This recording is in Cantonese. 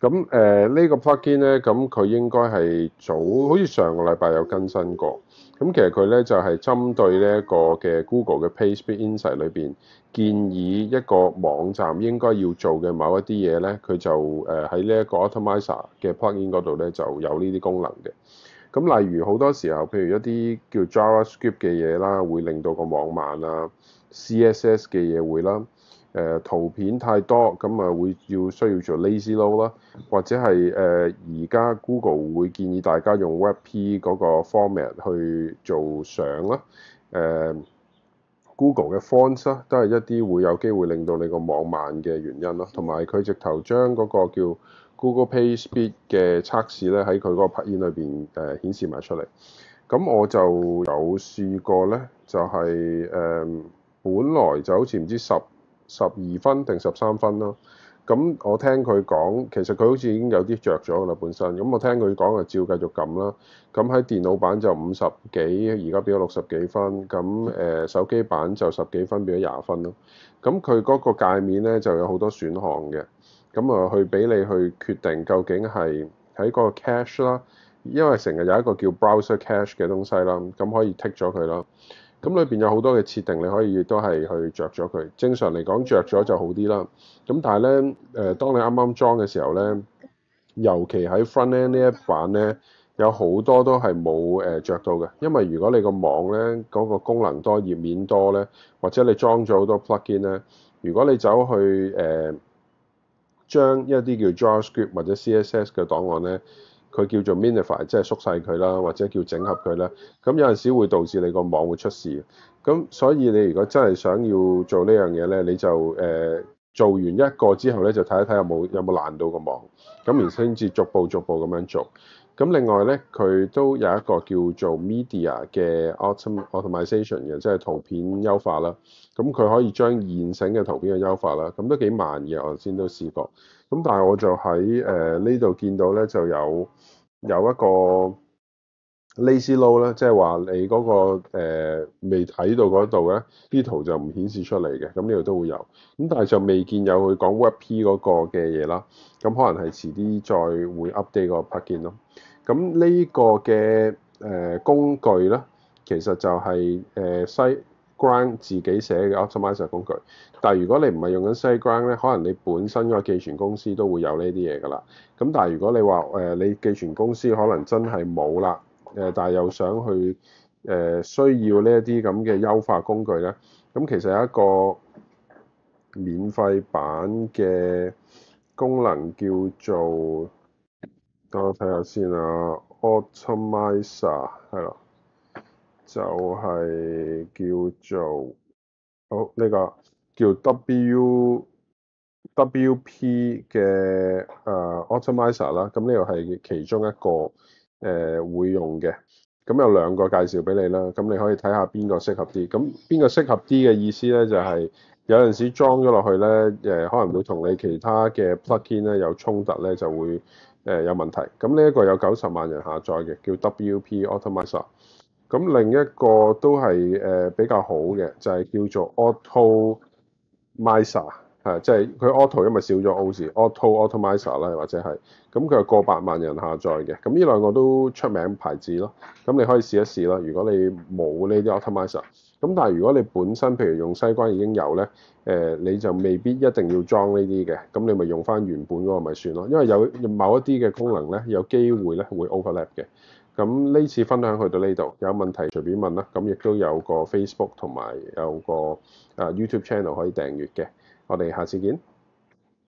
咁誒呢個 plug-in 咧，咁佢應該係早好似上個禮拜有更新過。咁其實佢咧就係、是、針對呢一個嘅 Google 嘅 PageSpeed Insight 裏邊建議一個網站應該要做嘅某一啲嘢咧，佢就誒喺呢一個 Automizer 嘅 plug-in 度咧就有呢啲功能嘅。咁例如好多時候，譬如一啲叫 JavaScript 嘅嘢啦，會令到個網慢啦，CSS 嘅嘢會啦。誒圖片太多，咁啊會要需要做 lazy load 啦，或者係誒而、呃、家 Google 會建議大家用 WebP 嗰個 format 去做相啦。誒、呃、Google 嘅 font 啊，都係一啲會有機會令到你個網慢嘅原因咯。同埋佢直頭將嗰個叫 Google Page Speed 嘅測試咧，喺佢嗰個拍片裏邊誒顯示埋出嚟。咁我就有試過咧，就係、是、誒、呃、本來就好似唔知十。十二分定十三分咯，咁我聽佢講，其實佢好似已經有啲着咗噶啦本身，咁我聽佢講就照繼續撳啦。咁喺電腦版就五十幾，而家變咗六十幾分，咁誒、呃、手機版就十幾分變咗廿分咯。咁佢嗰個界面咧就有好多選項嘅，咁啊去俾你去決定究竟係喺嗰個 cache 啦，因為成日有一個叫 browser cache 嘅東西啦，咁可以剔咗佢啦。咁裏邊有好多嘅設定，你可以都係去着咗佢。正常嚟講，着咗就好啲啦。咁但係咧，誒、呃，當你啱啱裝嘅時候咧，尤其喺 Frontend 呢一版咧，有好多都係冇誒着到嘅。因為如果你個網咧嗰、那個功能多、頁面多咧，或者你裝咗好多 plugin 咧，如果你走去誒、呃、將一啲叫 JavaScript 或者 CSS 嘅檔案咧。佢叫做 minify，即係縮細佢啦，或者叫整合佢啦。咁有陣時會導致你個網會出事。咁所以你如果真係想要做呢樣嘢咧，你就誒。呃做完一個之後咧，就睇一睇有冇有冇爛到個網，咁而先至逐步逐步咁樣做。咁另外咧，佢都有一個叫做 media 嘅 automation 嘅，即係圖片優化啦。咁佢可以將現成嘅圖片嘅優化啦，咁都幾慢嘅，我先都試過。咁但係我就喺誒呢度見到咧，就有有一個。Lazy Load 咧，即係話你嗰個未睇到嗰度咧，啲圖就唔顯示出嚟嘅。咁呢度都會有，咁但係就未見有佢講 WebP 嗰個嘅嘢啦。咁可能係遲啲再會 update 個 package 咯。咁呢個嘅誒、呃、工具咧，其實就係誒 SiteGround 自己寫嘅 optimiser 工具。但係如果你唔係用緊 SiteGround 咧，可能你本身個寄存公司都會有呢啲嘢㗎啦。咁但係如果你話誒、呃、你寄存公司可能真係冇啦。誒，但係又想去誒、呃，需要呢一啲咁嘅優化工具咧。咁其實有一個免費版嘅功能叫做，等我睇下先啊，Automizer 係咯、啊，就係、是、叫做好呢、哦這個叫 WWP 嘅誒 Automizer 啦。咁呢個係其中一個。誒、呃，會用嘅，咁有兩個介紹俾你啦，咁你可以睇下邊個適合啲。咁邊個適合啲嘅意思咧，就係、是、有陣時裝咗落去咧，誒、呃、可能會同你其他嘅 plugin 咧有衝突咧，就會誒、呃、有問題。咁呢一個有九十萬人下載嘅叫 WP Automizer，咁另一個都係誒、呃、比較好嘅，就係、是、叫做 Automizer。係、啊，即係佢 auto 因為少咗 O 字，auto automizer 啦，或者係咁佢係過百萬人下載嘅。咁呢兩個都出名牌子咯。咁你可以試一試啦。如果你冇呢啲 automizer，咁但係如果你本身譬如用西關已經有咧，誒、呃、你就未必一定要裝呢啲嘅。咁你咪用翻原本嗰個咪算咯。因為有某一啲嘅功能咧，有機會咧會 overlap 嘅。咁呢次分享去到呢度，有問題隨便問啦。咁亦都有個 Facebook 同埋有，有個啊 YouTube channel 可以訂閲嘅。我哋下次見。